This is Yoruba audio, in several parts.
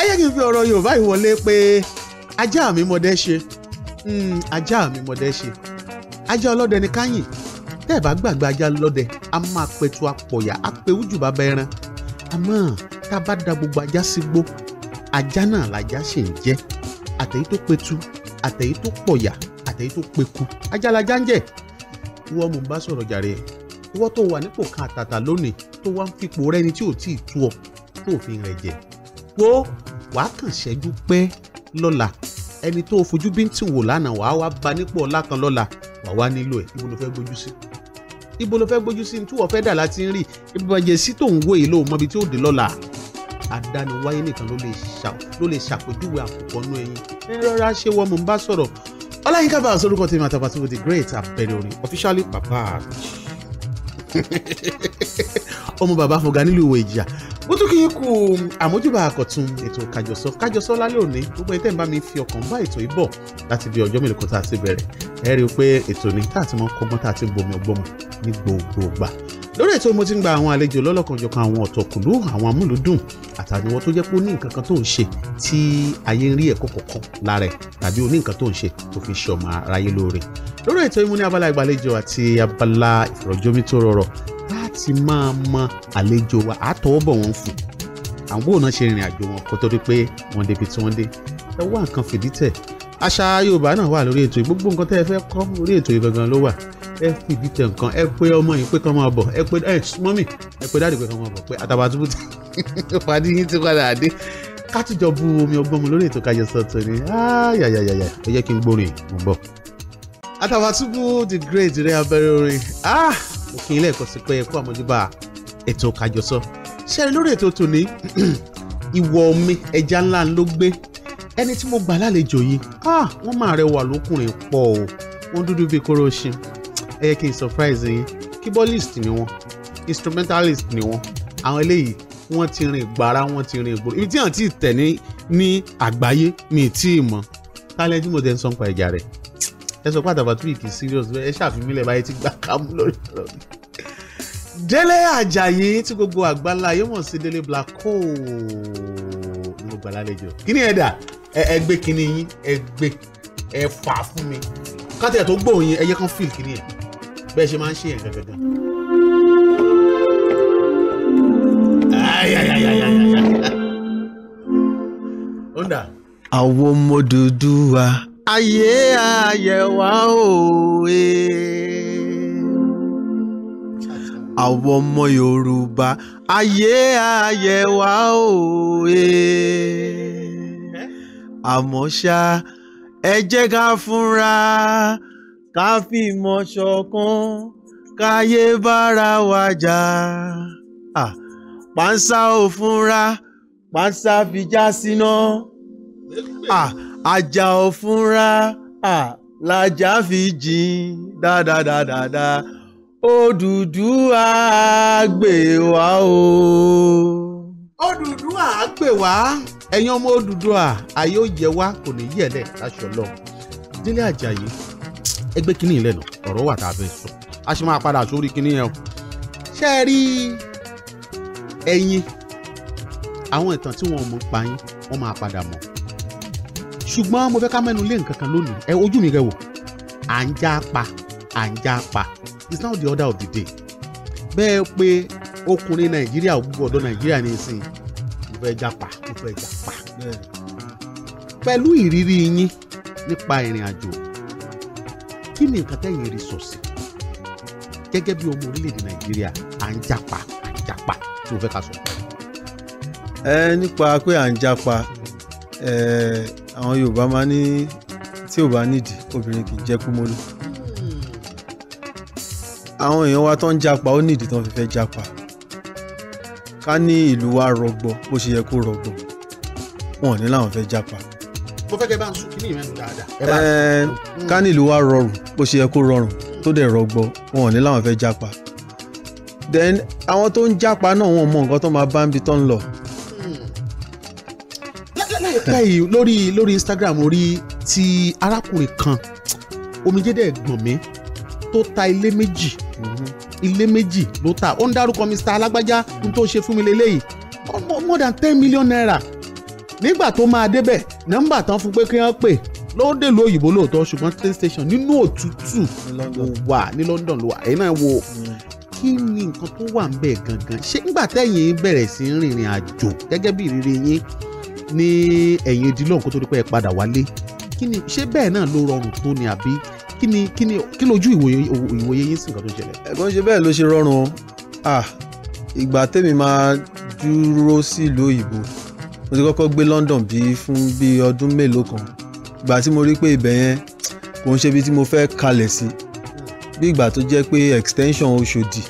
ẹ yẹ kí n fi ọ̀rọ̀ Yorùbá ìwọlé pé ajá mi mọdẹ ṣe hmm, ajá mi mọdẹ ṣe ajá ọlọ́dẹ ni káyìn tẹ́ ẹ̀ bá gbàgbé ajá lọ́dẹ a máa pẹ̀tù apọ̀yà á pẹ̀wú jù bàbá ẹran àmọ́ tá a bá da gbogbo ajá sí gbó ajá náà làjá ṣì ń jẹ́ àtẹ̀yí tó pẹ̀tù àtẹ̀yí tó pọ̀yà àtẹ̀yí tó pẹ̀kú ajá lajá ń jẹ́ ìwọ mò ń bá sọ̀rọ̀ jàre ìwọ tó wà nípò kan àtàtà lónìí tó wá ń fipò rẹni tí ò tí tú ọ fòfin rẹ̀ jẹ wo wàá kàn ṣẹ́jú pé lọ́la ẹni tó fojú bíntì wò lánàá wàá wá ba nípò ọlá kan lọ́la wàá wá nílò ẹ̀ ibo ló fẹ́ gbójú sí ibo ló fẹ́ gbójú sí tí wọ́n fẹ́ dà láti ń rí ibi bàjẹ́ sí tòun wò yìí lóun mọbi tí ó dé lọ́la àdániwáyé nìkan ló lè ṣàpèjúwe àkùkọ nú ẹyin rírọ́ra ṣé wọ́n mò ń bá sọ̀rọ̀ ọláyínká bá àsorúkọ tèmi àtàbàtúbù the great àpẹẹrẹ orin officially papa ọmọ bàbá fọgá nílùú ìwé ìjìyà ó tún kí n kú àmójúbà àkọ̀tún ètò kájọsọ kájọsọ lálẹ́ òní gbogbo ẹni tẹ́ ń bá mi fi ọkàn bá ètò yìí bọ̀ láti bí ọjọ́ mélòó kan tá a ti bẹ̀rẹ̀ ẹ rí i pé ètò ní tá a ti mọ kọ́gbọ́n tá a ti ń bomi ọgbọ́n mu ní gbogbo ìgbà lórí ètò mo ti ń gba àwọn àlejò lọ́lọ́kanjọ̀kan àwọn ọ̀tọ̀kùlú àwọn amúlùdùn àtàníwọ́ tó jẹ́ pé ó ní nǹkan kan tó ń ṣe tí ayé ń rí ẹ̀kọ́ kọ̀ọ̀kan lára ẹ̀ tàbí ó ní nǹkan tó ń ṣe tó fi ṣe ọmọ aráyé lóore lórí ètò ìmúni abala ìgbàlejò àti abala ìfọ̀rọ̀jomitoro ọ̀rọ̀ láti máa mọ àlejò wa àtọwọ́ bọ̀ wọ́n fún àwọn bóun náà ṣe ìrìn àjò wọn kó tó di pé wọ́n débi tí wọ́n dé ẹ wá nǹkan fìdítẹ̀ àṣà Yorùbá náà wà lórí ètò gbogbo nǹkan tẹ́ ẹ fẹ́ kọ́ lórí ètò ìgangan ló wà ẹ fìdítẹ̀ nǹkan ẹ pé ọmọ yìí pé kán máa bọ̀ ẹ pé ẹ mọ́mì ẹ pé dáàdì pé kán máa bọ̀ pé Àtàbàtúbú tí ìpàdé yín ti padà dé kátìjọ bu omi ọgbọ́n mu lórí ètò Kájọsọ Tòní ayayayaya ẹ jẹ́ kí n gbórin mo ń bọ̀. Àtàbàtúbú the great rẹ abẹ́rẹ́ orin ah mo kí ilé ẹ̀kọ́ sí pé ẹ kú àmójúbà ètò Kájọsọ ṣẹ́ni lórí ètò tòní ìwọ̀ omi ẹja ńlá ló gbé ẹni tí mo gbà lálejò yìí ah, wọ́n máa rẹwà lókùnrin pọ̀ o wọ́n dúdú bíi kóró ṣin ẹ yẹ kí n surprise yín keyboardist ni wọ́n instrumentalist ni wọ́n àwọn eléyìí wọ́n ti rìn gbàrà wọ́n ti rìn ìgboro ibi tí àwọn ti tẹ̀ ní ní àgbáyé mi ì tí ì mọ̀ kálẹ̀ tí mo dẹ̀ ń sọ́npa ẹ̀jà rẹ̀ ẹ sọ pàtàkì Patrick serious ẹ ṣàfimílẹ̀ báyìí ti gbà kámú lórí lórí. Délé Àjàyí tí gbogbo àgbàlá yóò mọ̀ sí Délé Black Coal ló gbà lálejò kí ni ẹ̀dà ẹ gbé kinní yín ẹ gbé ẹ fà fún mi kátìyà tó gbóhùn yín ẹ yẹ kán fíìl kinní yẹn bẹ́ẹ̀ ṣe máa ń ṣe yẹn gẹ́gẹ́ gan. ó dà. àwọn ọmọ Odùduwà ayé àyẹ̀wá òwe. àwọn ọmọ yorùbá ayé àyẹ̀wá òwe. àmọ́ ṣá ẹ jẹ́ ká fúnra ká fìmọ̀ ṣọ̀kan káyé bára wa jà. Ah ò fúnra pàǹsá fìjà síná ajáò fúnra làjà fi jìn dáadáadáa Odùduwà gbè wá o. Odùduwà gbè wá ẹ̀yin ọmọ Odùduwà ayé ó yẹ wá kò ní yẹ̀lẹ̀ láṣọ lọ Délé Àjàyí ẹgbẹ́ kínní ìlẹ́nu ọ̀rọ̀ wà tá a fẹ́ sọ a ṣe máa padà sórí kínní yẹn o ṣé ẹ rí ẹ̀yin àwọn ìtàn tí wọn ò pa yín wọ́n máa padà mọ̀ ṣùgbọ́n mo fẹ́ ká mẹ́nu lé nǹkan kan lónìí ẹ ojú mi rẹ wò à ń já pa à ń já pa it's now the order of the day bẹ́ẹ̀ pé ọkùnrin nàìjíríà gbogbo ọ̀dọ́ nàìjíríà ní ìsìn mo fẹ́ já pa mo fẹ́ já pa pẹ̀lú ìrírí yín nípa ìrìn àjò kí ni nǹkan tẹ̀yìn rí sọ sí gẹ́gẹ́ bí ọmọ orílẹ̀-èdè nàìjíríà à ń já pa à ń já pa tí mo fẹ́ ká sọ. ẹ nípa pé à ń já pa ẹ. Eh àwọn Yorùbá máa ní tí ò bá nídìí obìnrin kì í jẹ́ kúmólú àwọn èèyàn wa tó ń japa ó nídìí tó ń fi fẹ́ japa ká ní ìlú wa rọgbọ bó ṣe yẹ kó rọgbọ wọn ò ní láwọn fẹ́ japa mo fẹ́ kẹ́ bá ń sùn kí ni ìrẹ́nu dáadáa. ẹẹ ká nílùú wa rọrùn bó ṣe yẹ kó rọrùn tó dẹ̀ rọgbọ wọn ò ní láwọn fẹ́ jápa then àwọn tó ń jápa náà wọn mọ nǹkan tó máa bá ń bi tó ń lọ lọ́tẹ̀ yìí lórí lórí Instagram orí ti arákùnrin kan omijé dẹ̀ gbọ̀n mi tó ta ilé méjì mm-hmm. ilé méjì ló ta ó ń dárúkọ Mr. alágbájá n tó ṣe fún mi lélẹ́yìí more than ten million naira nígbà tó máa débẹ̀ nọ́mbà tán fún pé kí wọ́n pè ló òyìnbó lóòótọ́ ṣùgbọ́n train station nínú òtútù ló wà ní London ló wà ẹ̀yin náà wo mm. kí ni nǹkan tó wà ń bẹ̀ gangan ṣé nígbà tẹ́yìn bẹ̀rẹ̀ sí rìnrìn àjò gẹ́gẹ́ bí ìrírí yín ní ẹ̀yìn ìdílọ́hùn kó tó di pé ẹ padà wálé kí ni ṣé bẹ́ẹ̀ náà ló rọrùn tó ni àbí kí ni kí ni kí lójú ìwòye yín sí nǹkan tó ṣẹlẹ̀. ẹ̀gbọ́n ṣe bẹ́ẹ̀ ló ṣe rọrùn ah ìgbà tèmi máa dúró sílùú òyìnbó mo ti kọ́kọ́ gbé London bí fún bí ọdún mélòó kan ìgbà tí mo rí pé ibẹ̀ yẹn kò ń ṣe ibi tí mo fẹ́ kalẹ̀ sí bí ìgbà tó jẹ́ pé extension Ọ̀ṣọ́dì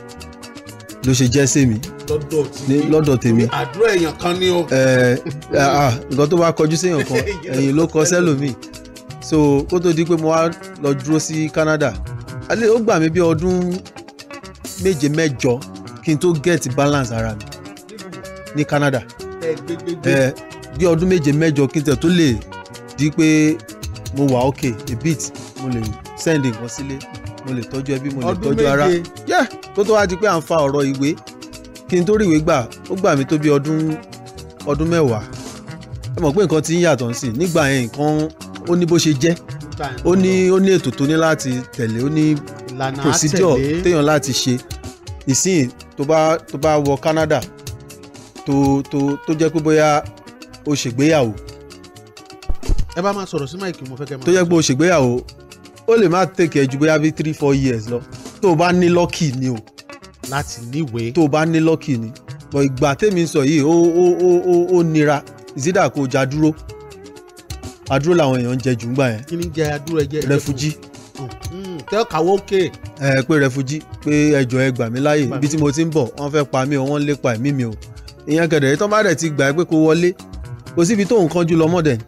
ló ṣe jẹ́ sèmi lọ́dọ̀ tèmi àdúrà èèyàn kan ni o. nǹkan tó bá kọjú séèyàn kan ẹ̀yìn ló kọ sẹ́lòmíì so kó tó di pé mo wá lọ dúró sí Canada ó gbà mí bí ọdún méje mẹ́jọ kí n tó get balance ara mi ní Canada bí ọdún méje mẹ́jọ kí n tẹ̀ tó lè di pé mo wà okay a bit mo lè send nǹkan sílé mo lè tọ́jú ẹbí mo lè tọ́jú ara yeah tó tó wá di pé à ń fa ọ̀rọ̀ ìwé kí n tó rí ìwé gbà ó gbà mí tó bí ọdún ọdún mẹ́wàá ẹ mọ̀ pé nǹkan ti ń yàtọ̀ sí nígbà yẹn nǹkan ó ní bó ṣe jẹ́ ó ní ó ní ètò tó ní láti tẹ̀lé ó ní procedure téèyàn láti ṣe ìsìn tó bá tó bá wọ Canada tó tó tó jẹ́ pé bóyá ó ṣègbéyàwó ẹ bá máa sọ̀rọ̀ sí máìkì mo fẹ́ kẹ́ máa. tó yẹ pé o ṣègbéyàwó ó lè má tèkẹ́ ju bóyá bí three four years lọ tó o bá ní lọ́kì ni o. láti níwèé. tó o bá ní lọ́kì ni bọ̀ ìgbà tèmi sọ yìí ó ó ó ó ó nira ìsídà kò já dúró adúró làwọn èèyàn ń jẹ jù ń gbà yẹn. kí ni jẹ adúró ẹ jẹ. rẹfujì. Hmm, hmm, tẹ́ kàwọ́ òkè. ẹ pé rẹfujì pé ẹjọ́ ẹ gbà mí láàyè ibi tí mo ti ń bọ̀ wọ́n fẹ́ pa mí o wọ́n ń lépa ẹ̀mí mi o ìyẹn kẹ̀dẹ̀ tó bá dẹ̀ ti gbà ẹ pé kó wọlé kò síbi tó nǹkan jù lọ́mọdẹ̀ ni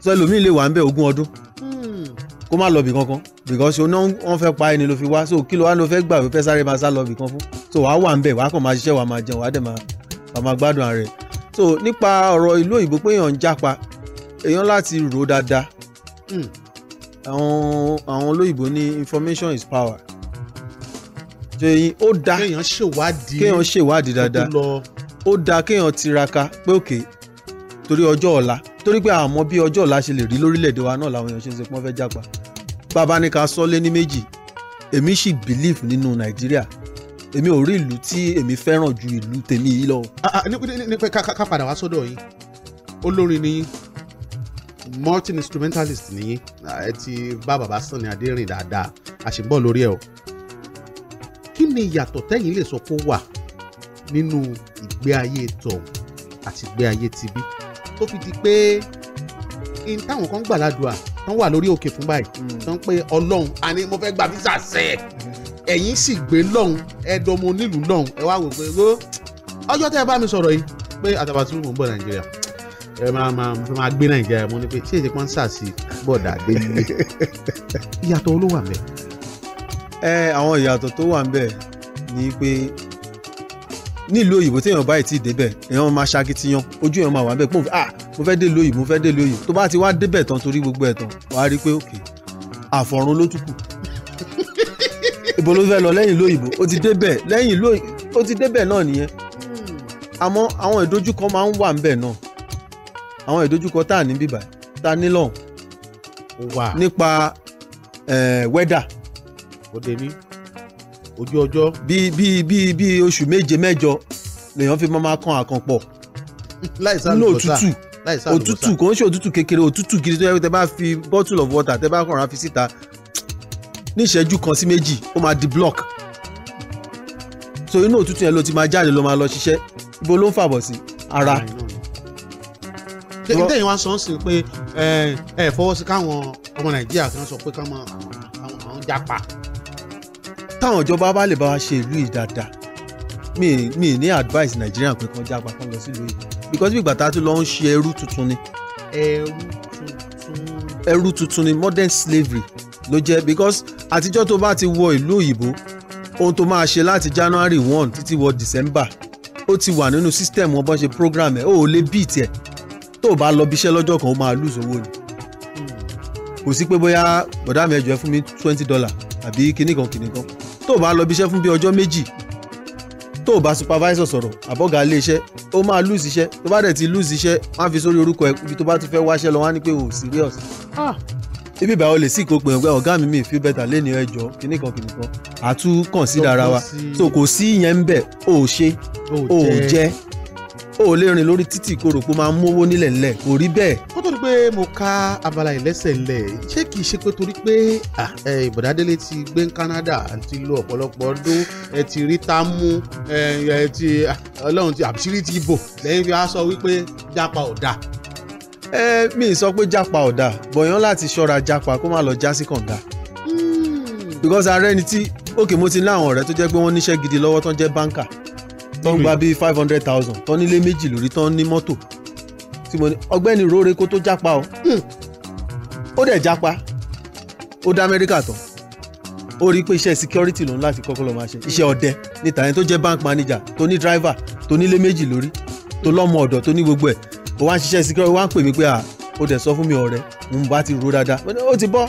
so ẹlòmíì lè wà ń bẹ ogún ọdún hmm. kó má lọ bì kankan because oná wọn fẹ́ pa ẹni ló fi wá so kí ló wá ló fẹ́ gbà wípé sáré máa sá lọ bì kan fún so wàá wà ń bẹ wàá kàn máa ṣiṣẹ́ wàá máa jẹun wàá dẹ̀ máa máa gbádùn ara rẹ̀ so nípa ọ̀rọ̀ ìlú òyìnbó pé èèyàn ń jápa èèyàn láti rò dáadáa hmm. àwọn àwọn olóyìnbó ní information is power jẹyìn ó da kéèyàn ṣèwádìí kéèyàn ṣèwádìí dáadáa ó da kéèyàn tiraka pé òkè torí ọjọ́ ọ̀la torí pé àmọ́ bí ọjọ́ ọ̀la ṣe lè rí lórílẹ̀‐èdè wa náà làwọn èèyàn ṣe ń ṣe pé wọ́n fẹ́ jápa bàbá ní ká sọ lé ní méjì èmi sì believe nínú nàìjíríà èmi ò rí ìlú tí èmi fẹ́ràn ju ìlú tèmi yìí lọ. Ah, ah, ká padà wá sọ́dọ̀ yín olórin ni yín multi-instrumentalist ni yín ah, ẹ ti bá bàbá Sunny Adé rìn dáadáa a sì ń bọ̀ lórí ẹ̀ o kí ni ìyàtọ̀ tẹ́yìn lè sọ pé wà nínú ìgbé ayé tọ̀hún àti ìgbé ayé tibí tó fi di pé in táwọn kan gbàládùá tán wà lórí òkè fún báyìí hmm. tán pé ọlọ́run àní mo fẹ́ gba visa sẹ́ ẹ̀yìn sì gbé lọ́hùn ẹ̀dọ́mọ onílùú lọ́hùn ẹ wá wò pé ọjọ́ tẹ́ ẹ bá mi sọ̀rọ̀ yìí pé Àtàbàtúbú mò ń bọ̀ Nàìjíríà ẹ máa máa máa gbé nàìjíríà mo ní pé ṣé èsì pọ́nsà sí bọ́ọ̀dà àgbélé ìyàtọ̀ olówó àmì. ẹ àwọn ìyàtọ̀ tó wà ń bẹ̀ ni pé nílùú òyìnbó téèyàn báyìí ti débẹ̀ èèyàn máa ṣakitiyan ojú èèyàn máa wà bẹ́ẹ̀ pé ah mo fẹ́ dé lóyìnbó mo fẹ́ dé lóyìnbó tó bá ti wá débẹ̀ tán torí gbogbo ẹ̀ tán wàá rí i pé òkè àfọ̀run ló tún kù ibo ló fẹ́ lọ lẹ́yìn lóyìnbó ó ti débẹ̀ lẹ́yìn lóyìnbó ó ti débẹ̀ náà nìyẹn hmm. àmọ́ àwọn ìdojúkọ máa ń wà ńbẹ̀ náà àwọn ìdojúkọ tá à ní bíbà tá a ní lọ́hùn nípa eh, wẹ́dà. ó dé ní ojú ọjọ́. bí bí bí bí oṣù méje mẹ́jọ lèèyàn fi máa kan àkàn pọ̀ nínú òtútù òtútù kò ń ṣe òtútù kékeré òtútù gidi tó yẹ pé tẹ bá fi bottle of water tẹ bá kàn án fi síta ní ìṣẹ́jú kan sí méjì ó máa di block so inú òtútù yẹn ló ti máa jáde ló máa lọ ṣiṣẹ́ ibo ló ń fàbọ̀ sí ara. Ah, tẹ́yìn wá sọ ń sìn pé ẹ ẹ fọwọ́ sí káwọn ọmọ nàìjíríà kan sọ pé káwọn àwọn japa táwọn ìjọba bá lè bá wa ṣe ìlú yìí dáadáa mi mi ní advice Nigerian pé kan jápa kan lọ sílùú yìí because bí ìgbà tá a tún lọ ń ṣe ẹrú tuntun ni. ẹrú tuntun. ẹrú tuntun ni modern slavery ló jẹ́ because àtijọ́ tó bá ti wọ ìlú òyìnbó ohun tó máa ṣe láti January one títí wọ December ó ti wà nínú system wọn bọ́n ṣe program ẹ̀ ó lè beat ẹ̀ tó o bá lọ bíṣẹ́ lọ́jọ́ kan ó máa lose owó ni hmm. kò sí pé bóyá bọ̀dá mi ẹ ẹ fún mi twenty dollar àbí kinní kan kinní kan tó o bá lọ bíṣẹ́ fún bí ọjọ́ méjì tó o bá supervisor sọ̀rọ̀ àbọ̀gá ilé iṣẹ́ ó máa lose iṣẹ́ tó bá dẹ̀ ti lose iṣẹ́ má fi sórí orúkọ ẹ ibi tó bá ti fẹ́ wáṣẹ́ lọ wá ní pé o serious ah! ibi ìbáwọ lè sí ìkópin ọgbẹ ọ̀gá mi mi feel better lẹ́nu ẹjọ́ kíní kan kíní kan àtún kàn sí dára wa so kò sí ìyẹn ń bẹ̀ o ṣe o jẹ́ o lè rìn lórí títì kó rò pé máa mówó nílẹ̀ ńlẹ̀ kò rí bẹ́ẹ̀. kó tó di pé mo ka abala ìlẹ́sẹ̀ ńlẹ̀ ṣé kìí ṣe pé torí pé ìbọ̀dádélé ti gbé ní Canada àti lo ọ̀pọ̀lọpọ̀ ọdún ẹ ti rí támú ẹ ti ọlọ́run ti àbísírí ti bò lẹ́yìn fi á sọ wípé jápa ọ̀dà ẹ mi sọ pé japa ọ̀dà bọ̀yán láti ṣọ́ra japa kó má lọ já sí kànga. Hmm. because ara ẹni tí òkè mo ti láwọn ọ̀rẹ́ tó jẹ́ pé wọ́n níṣẹ́ gidi lọ́wọ́ tán jẹ́ báńkà tó ń gba bíi five hundred thousand tó nílé méjì lórí tó ń ní mọ́tò tí mo ní ọgbẹ́ni róore kó tó jápa o hmm. ó dẹ̀ jápa ó dá amẹ́ríkà tán ó rí pé iṣẹ́ security lòun láti kọ́kọ́ lọ́ọ́ máa ṣe iṣẹ́ ọdẹ níta yẹn tó jẹ́ bank manager tó ní driver tó nílé méjì lórí tó lọ́mọ ọ̀dọ̀ tó ní gbogbo ẹ̀ ó wá ń ṣiṣẹ́ security wá ń pè mí pé à ó dẹ̀ sọ fún mi ọ̀rẹ́ mo bá ti ro dáadáa ó ti bọ́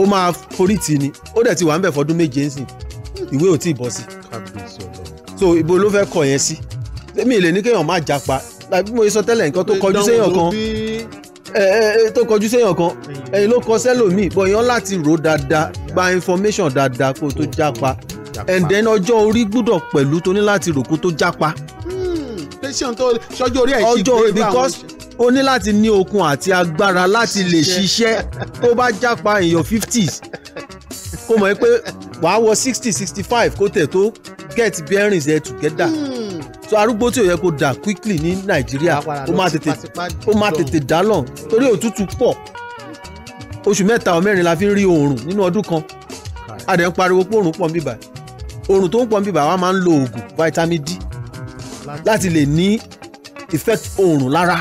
ó máa forí tì ní ó dẹ̀ ti wà ń bẹ̀ fọdún méje ń sìn ìwé ò tí ì bọ́ sí i so ibo ló fẹ́ kọ̀ yẹn sí èmi lè ní kéèyàn má japa tàbí mo sọ tẹ́lẹ̀ nǹkan tó kọjú séèyàn kan tó kọjú séèyàn kan ẹ̀yin ló kọ sẹ́lòmíì bọ̀ èèyàn láti rò dáadáa gba information dáadáa kó tó japa and then ọjọ́ orí gbúdọ̀ pẹ̀lú tó ní láti rò kó tó japa. Hmm, tẹ̀sán tó sọ́jọ́ orí ẹ̀ ti gbé báwọn. ọjọ́ because o ní láti ní okun àti agbára láti lè ṣiṣẹ́ tó bá japa in your fifties kó mọ̀ pé wàá wọ sixty sixty five kó tẹ̀ tó get bearings there together. Mm. so arúgbó tí o yẹ kó da quickly ní nàìjíríà ó máa tètè ó máa tètè dálọ̀ torí òtútù pọ̀ oṣù mẹ́ta or mẹ́rin la fi ń rí oòrùn nínú ọdún kan a ń pariwo pé oòrùn pọ̀ ń bíbà oòrùn tó ń pọ̀ ń bíbà wa máa ń lo oògùn vitamin D láti lè ní effect oòrùn lára.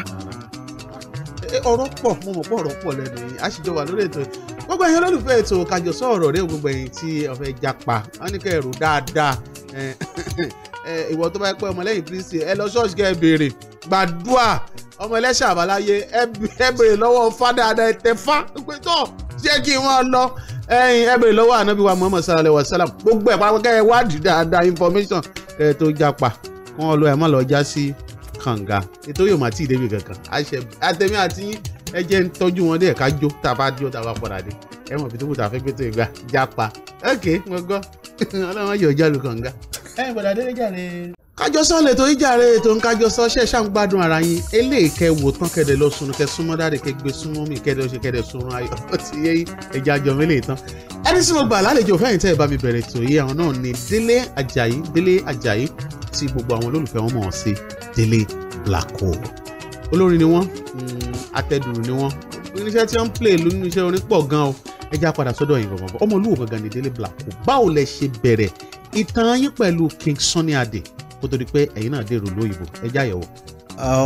Eh, ọ̀rọ̀ pọ̀ mo mọ̀ pé ọ̀rọ̀ pọ̀ lẹ́nu yìí a sì jọ wà lórí ètò yìí gbogbo ẹ̀yin olólùfẹ́ ètò Kájọsọ ọ̀rọ̀ rẹ̀ gbogbo ẹ̀yin tí ọ̀fẹ́ japa wọn ní kẹ́ dáadáa Eh, eh, ìwọ tó bá pẹ́ ọmọlẹ́yìn kristi ẹ lọ ṣọ́ọ̀ṣì kẹ́ ẹ béèrè gbàdúà ọmọ ẹlẹ́ṣẹ̀ àbáláyé ẹ béèrè lọ́wọ́ fá dáadáa ẹ tẹ fá pé tó jẹ́ kí wọ́n lọ ẹyin ẹ béèrè lọ́wọ́ ànábì wa muhammad sallallahu alayhi wa sallam gbogbo ẹ̀ pàápàá kẹ́ ẹ wádìí dáadáa information kẹ́ ẹ tó japa kí wọ́n lọ ẹ má lọ já sí kànga ètò yóò má tí ì débi kankan àtẹ̀mí àti ẹ jẹ́ ń tọ́jú wọn dé ẹ̀ka jó tá a bá jó tá a bá padà dé ẹ mọ̀ fi tó kù tá a fẹ́ gbé ìgbà japa ok mo gbọ́ ọlọ́run yóò jẹ́ olùkànga. ẹ gbọ́dọ̀ adé jàre. kájọsọ lètò ìjàre ètò ń kájọsọ ṣe ṣáà ń gbádùn ara yín eléèkẹ wò tán kẹdẹ lọ sunu kẹ súnmọ́ dáre kẹ gbé súnmọ́ mi kẹdẹ ṣe kẹdẹ sunrun ayọ̀ ti yé ẹja jọ mi lè tán. ẹni tí mo gbà lálejò fẹ́yìntì ẹ̀ bá mi bẹ̀rẹ̀ tó yé àwọn náà ni Délé ajayi. Délé Àjàyí tí gbogbo àwọn olólùfẹ́ wọn mọ̀ ọ́ sí Délé Làkò olórin ni wọ́n mm, atẹ́dùrù ni wọ́n oníṣẹ́ tí wọ́n ń play lónìí iṣẹ́ orin pọ̀ gan o ẹ já padà sọ́dọ̀ yìí bọ̀bọ̀ ọmọlúwo gangan ní Délé Blanco báwo lẹ ṣe bẹ̀rẹ̀ ìtàn yín pẹ̀lú King Sunny Adé kó tó di pé ẹ̀yin náà dèrò lóyìnbó ẹ já yẹ̀wò.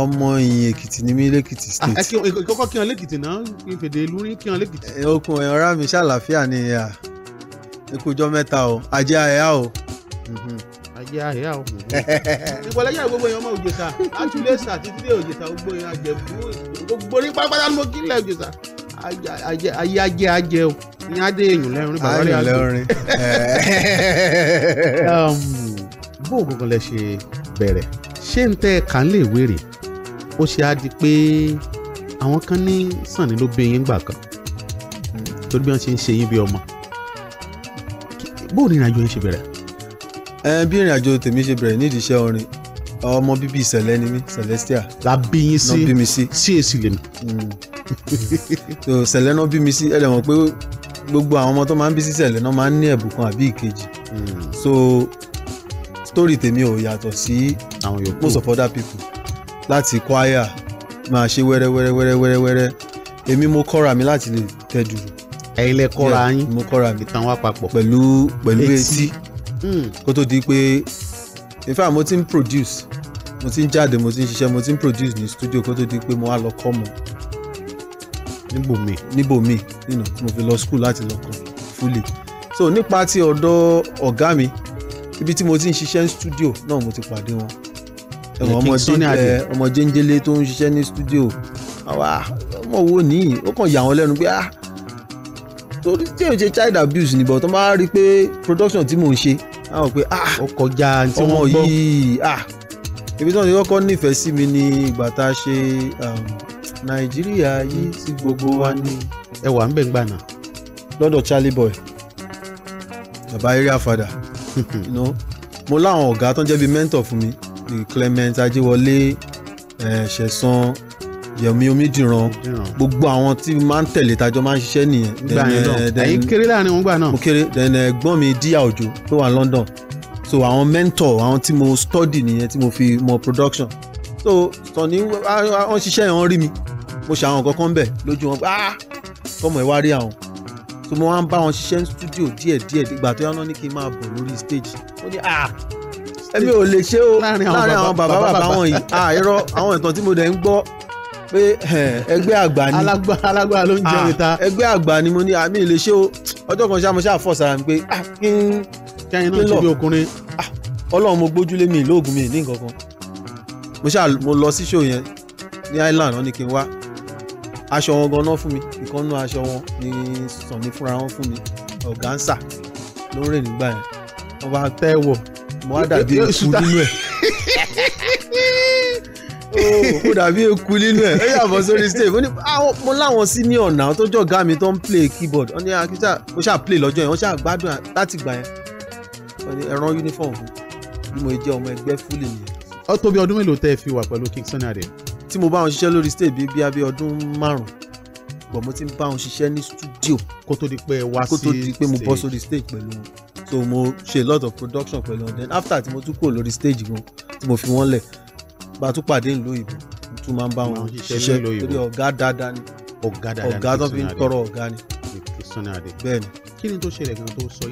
ọmọ ìyìn Èkìtì ni mí lẹ́kìtì ah, state. ìkọ́kọ́ kí wọn lẹ́kìtì náà ìfèdè ìlú rí kí wọn lẹ́kìtì. okun ọ̀rá mi ṣàlàáfíà ni ìyá ikújọ́ mẹ́ta o ajé àyà o. Mhm. ajé àyà o. ìpọ̀lẹ́ yà gbogbo yẹn ọmọ Òjèṣà àtúlẹ̀ṣà títí dé Òjèṣà gbogbo yẹn àjẹ̀bú gbogbo ní pátápátá ló kí ilẹ̀ Òjèṣà ayé ajé ajé o ní adé èèyàn lẹ́rìn bàbá rẹ̀ lẹ́rìn. Um, bó o gbọ́ngàn lẹ ṣe bẹ̀rẹ̀ ṣé n tẹ́ kà ń lè wéré ó ṣe á di pé àwọn kan ní sànni ló bí yín gbà kan torí bí wọ́n ṣe ń ṣe yín bí ọmọ bó o ní ìrìnàjò yín ṣe bẹ̀rẹ̀. bí ìrìnàjò tèmi ṣe bẹ̀rẹ̀ nídìí iṣẹ́ orin ọmọ bíbí ìṣẹ̀lẹ̀ ni mí Celestia. la bí yín sí sí èsì lèmi. Hmm so sẹ̀lẹ̀ náà bí mi sí ẹ̀ lè mọ̀ pé gbogbo àwọn ọmọ tó máa ń bí sí sẹ̀lẹ̀ náà máa ń ní ẹ̀bùn kan àbí ìkejì hmm. so story tèmi ò yàtọ̀ sí most of other people láti choir máa ṣe wẹ́rẹ́ wẹ́rẹ́ wẹ́rẹ́ wẹ́rẹ́ wẹ́rẹ́ èmi mo kọ́ra mi láti lè tẹ dùrù. ẹ̀yin lẹ kọ́ra yín mo kọ́ra mi ìtàn wa papọ̀. pẹ̀lú pẹ̀lú etí hmm. kó tó di pé in fact mo ti ń produce mo ti ń jáde mo ti ń ṣiṣẹ́ mo ti ń produce ní studio kó tó di pé mo wá lọ kọ́ mọ́ níbòmí níbòmí nínú mo fi lọ school láti lọ kàn fúlẹ̀ so nípa ti ọ̀dọ̀ ọ̀gá mi ibi tí mo ti ń ṣiṣẹ́ ní studio náà mo ti pàdé wọn ẹ̀wọ̀n ọmọ jẹ́ńjẹ́lé tó ń ṣiṣẹ́ ní studio àwa ọmọ wo ní ó kàn yà wọ́n lẹ́nu pé ah torí tí o ṣe child abuse ni but wọ́n bá rí i pé production tí mò ń ṣe àwọn pé ah ọkọjà tí wọ́n gbọ́ ọmọ yìí ah ibi tí wọ́n ti kọ́kọ́ nífẹ̀ẹ́ sí mi ní ìgbà tá a ṣe um, nàìjíríà yìí tí gbogbo wa ní. ẹ wà ń bẹ̀ ń gbà náà. lọ́dọ̀ Charlie Boy bàbá area father you know, mo láwọn ọ̀gá tó ń jẹ́ bíi mentor fún mi Clement Ajéwọlé ṣẹ̀sán yẹmi omidiran gbogbo àwọn tí máa ń tẹ̀lé tajọ́ máa ń ṣiṣẹ́ nìyẹn. gbà yẹn lọ eh, ẹ̀yin kéré láàrin wọn gbà náà. mo kéré dẹ̀nẹ̀ eh, ẹ̀gbọ́n mi díà òjò tó wà London so àwọn mentor àwọn tí mo study nìyẹn tí mo fi mọ production so sọ̀ni wọ́n ṣiṣẹ́ yẹn wọ́n rí mi mo ṣe àwọn kankan bẹ̀ lójú wọn ah kọ́mọ ẹ̀ wá rí àwọn so mo wá ń bá wọn ṣiṣẹ́ ní studio díẹ̀ díẹ̀ ìgbà tó yá ní kí n máa bọ̀ lórí stage ó ní ah èmi ò lè ṣe o láàrin àwọn bàbá bàbá wọn yìí ah irọ́ àwọn ìtàn tí mo dẹ̀ ń gbọ́ pé ẹgbẹ́ àgbà ni alágbára ló ń jẹ́ ah, níta ẹgbẹ́ àgbà ni mo ní àmì ah, lè ṣe o ọjọ́ kan ṣáà mo ṣáà fọ̀ sára mi pé ah kí n kí n lọ ah, ọlọ́run mo gbójúlé mi ìlóògùn mi ní nǹkan kan mo ṣáà mo lọ sí show yẹn ní Island wọn ni kí n wá aṣọ wọn gan-an fún mi ìkànnú aṣọ wọn ni sàn mí fúnra wọn fún mi ọ̀gánsà ló ń rìn nígbà yẹn wọn bá tẹ́ wọ̀ mo á dàbí ikú nínú ẹ̀ oh, ó dàbí eku nínú ẹ ẹ yàbọ sórí stage ah, mo láwọn senior náà tó jọ ọ̀gá mi tó ń play keyboard ó ní akíta ah, mo ṣáà play lọ́jọ́ yẹn wọ́n ṣáà gbádùn láti gbà yẹn ẹran uniform fún bí mo jẹ́ ọmọ ẹgbẹ́ fúlì nìyẹn ó tó bí ọdún mélòó tẹ́ ẹ fi wà pẹ̀lú King Sunny Adé. tí mo bá wọn ṣiṣẹ́ lórí stage bíi bíi ọdún márùn-ún bọ̀ mo ti ń bá wọn ṣiṣẹ́ ní studio. kó tó di pé wá sí stage kó tó di pé mo bọ́ sórí stage pẹ̀lú wọn so mo ṣe a lot of production pẹ̀lú wọn then after tí mo tún kúrò lórí stage gan tí mo fi wọ́n lẹ̀ bá a tún pàdé ìlú ìbò mo tún máa ń bá wọn ṣiṣẹ́ torí ọ̀gá dáadáa ni ọ̀gá dáadáa ni ọ̀gá tó fi ń tọrọ ọ̀gá ni. bẹ́ẹ̀ ni. kí ni tó ṣẹlẹ̀ gan tó sọ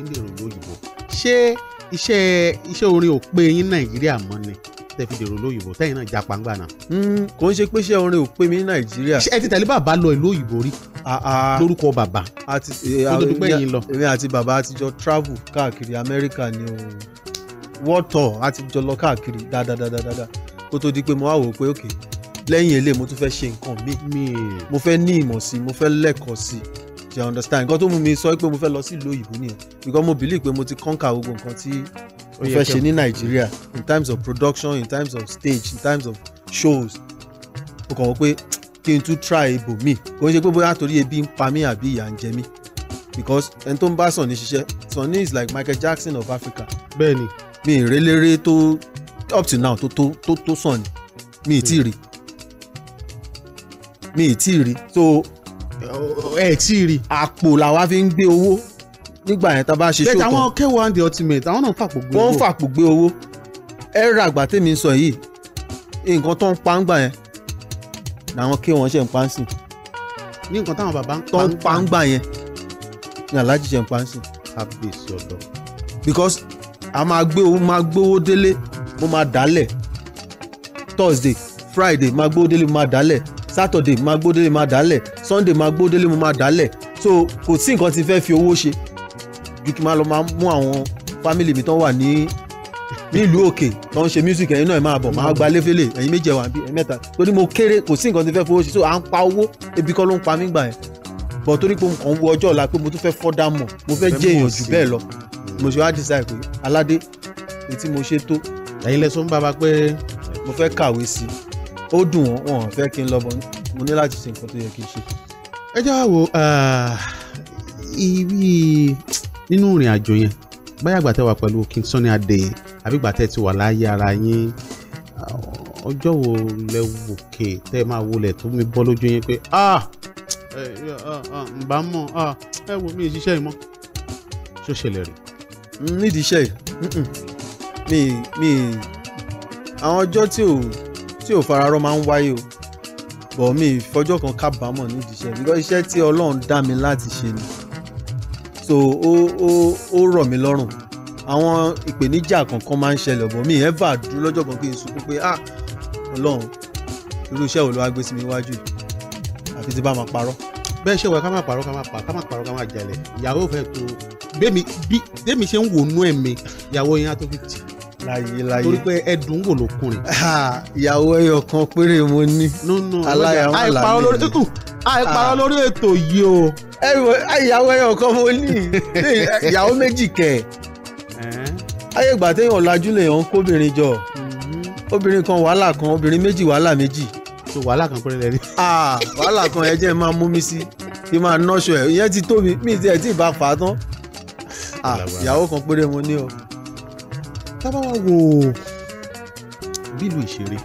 tẹ́ fi dèrò lóyìnbó tẹ́yìn náà japa ńgbà náà. Hmm, kò ń ṣe pé ṣé orin ò pé mi ní nàìjíríà. ẹ ti tẹ̀lé bàbá lọ ìlú òyìnbó rí lórúkọ bàbá kó tó dúpẹ́ yìí lọ. èmi àti bàbá àtijọ́ travel káàkiri amẹ́ríkà ni o world tour àtijọ́ lọ káàkiri dáadáa kó tó di pé mo wá wò ó pé òkè lẹ́yìn eléyìí mo tún fẹ́ ṣe nǹkan mi mo fẹ́ ní ìmọ̀ sí mo fẹ́ lẹ́kọ̀ọ́ sí you understand nǹkan tó mú mi sọ pé mo fẹ́ lọ sí ìlú òyìnbó nìyẹn because mo believe pé mo ti conquer gbogbo nǹkan tí tó fẹ́ ṣe in terms of production in terms of stage in terms of shows ó kàn wọ́n pé kí n tún try ibòmíì kò ń ṣe pé bóyá torí ebi ń pa mí àbí ìyà ń jẹ mí because ẹni tó ń bá Sunny ṣiṣẹ́ Sunny is like Michael Jackson of Africa. bẹ́ẹ̀ni. mi ì relére tó up to now tó tó tó tó Sunny mi ì tí ì rí mi ì rí so. ẹ ẹ tí ì rí. àpò làwa fi ń gbé owó nígbà yẹn tá a bá ṣe ṣòkan. bẹ́ẹ̀ àwọn K1 the ultimate àwọn náà fàpò gbé owó. wọ́n fàpò gbé owó ẹ̀rọ àgbà tèmi sọ yìí nǹkan tó ń pa ń gbà yẹn làwọn K1 ṣe ń pa ń sìn. ní nǹkan táwọn bàbá ń pa ń pa ń gbà yẹn ní aláàjì ṣe ń pa ń sìn. kábíyèsí ọ̀dọ́. because a máa gbé owó máa gbówó délé mo máa dálẹ̀ Thursday Friday máa gbówó délé mo máa dálẹ̀ Saturday máa gbówó délé mo máa dálẹ̀ Sunday máa gbówó délé mo máa dálẹ̀ so kò sí nǹkan tí fẹ́ fi owó ṣe ju kí n máa lọ máa mú àwọn fámìlì mi tán wà ní nílùú òkè tó ń ṣe music ẹ̀yin náà ẹ máa bọ̀ máa gba léfélè ẹ̀yin méje wà bí ẹ̀yin mẹ́ta torí mo kéré kò sí nǹkan tí fẹ́ fowó ṣe so à ń pa owó ebi kọ́ ló ń pa mí gbà yẹn bọ̀ torí pé nǹkan wo ọjọ́ ọ̀la pé mo tún fẹ́ fọ́dà mọ̀ mo fẹ́ jẹ́ èèyàn jù bẹ́ẹ̀ lọ mo ṣe wá decide pé aládé etí mo ṣe tó. ẹ̀yin lẹ sọ ń bàbá pé mo fẹ́ kàwé sí i ó dùn wọ́n wọn fẹ́ kí n lọ bọ̀ mo ní láti ṣe nǹkan tó yẹ kí n ṣe. ẹ jẹ́ wá wo ah, ibi nínú ìrìn àjò yẹn báyà gbàtẹ́ wà pẹ̀lú King Sunny Adé àbí gbàtẹ́ ti wà láyé ara yín ọjọ́ wo lẹ wòkè tẹ́ ẹ máa wọlé tó mi bọ́ lójú yín pé ah ǹbá mọ̀ ẹ wo mi ìṣiṣẹ́ yìí mọ́ ṣó ṣẹlẹ̀ rẹ̀. nídìí iṣẹ́ mi mi àwọn ọjọ́ tí ò tí ò fararọ́ máa ń wáyé o bọ̀ mi ìfọjọ́ kan kábàámọ̀ nídìí iṣẹ́ because iṣẹ́ tí Ọlọ́run dá mi láti ṣe ni so ó ó ó rọ̀ mí lọ́rùn àwọn ìpèníjà kankan máa ń ṣẹlẹ̀ ọ̀bọ̀ mi ever dúró lọ́jọ́ kan kí n sunkún pé ah ọlọ́run irú iṣẹ́ wo ló wá gbé sí mi wájú yìí àfi tí bá máa parọ́ bẹ́ẹ̀ ṣe wà ká má parọ́ ká má pa ká má parọ́ ká má jalè ìyàwó fẹ́ tó bẹ́mi bí bẹ́mi ṣe ń wò nú ẹ̀mí ìyàwó yẹn á tó fi tì láyé láyé torí pé ẹdùn wò ló kùnrin. ìyàwó ẹyọ kan péré mo ní aláya wọn là àìparọ́ ah. lórí ètò yìí o. ẹ wọ ìyàwó ẹyọ kan mo ní ìyàwó méjì kẹ ayé ìgbà téèyàn lajú lèèyàn ń kóbìnrin jọ mm-hmm. obìnrin kan wàhálà kan obìnrin méjì wàhálà méjì. so wàhálà kan péré lẹ́ni. wàhálà kan ẹ jẹ́ máa mú mi sí kí máa nọ́ṣọ ẹ̀ ìyẹn ti tóbi mí ti ẹ̀ tí ì bá fà á tán ìyàwó kan péré mo ní o. tábà wá wò ó bílù ìṣeré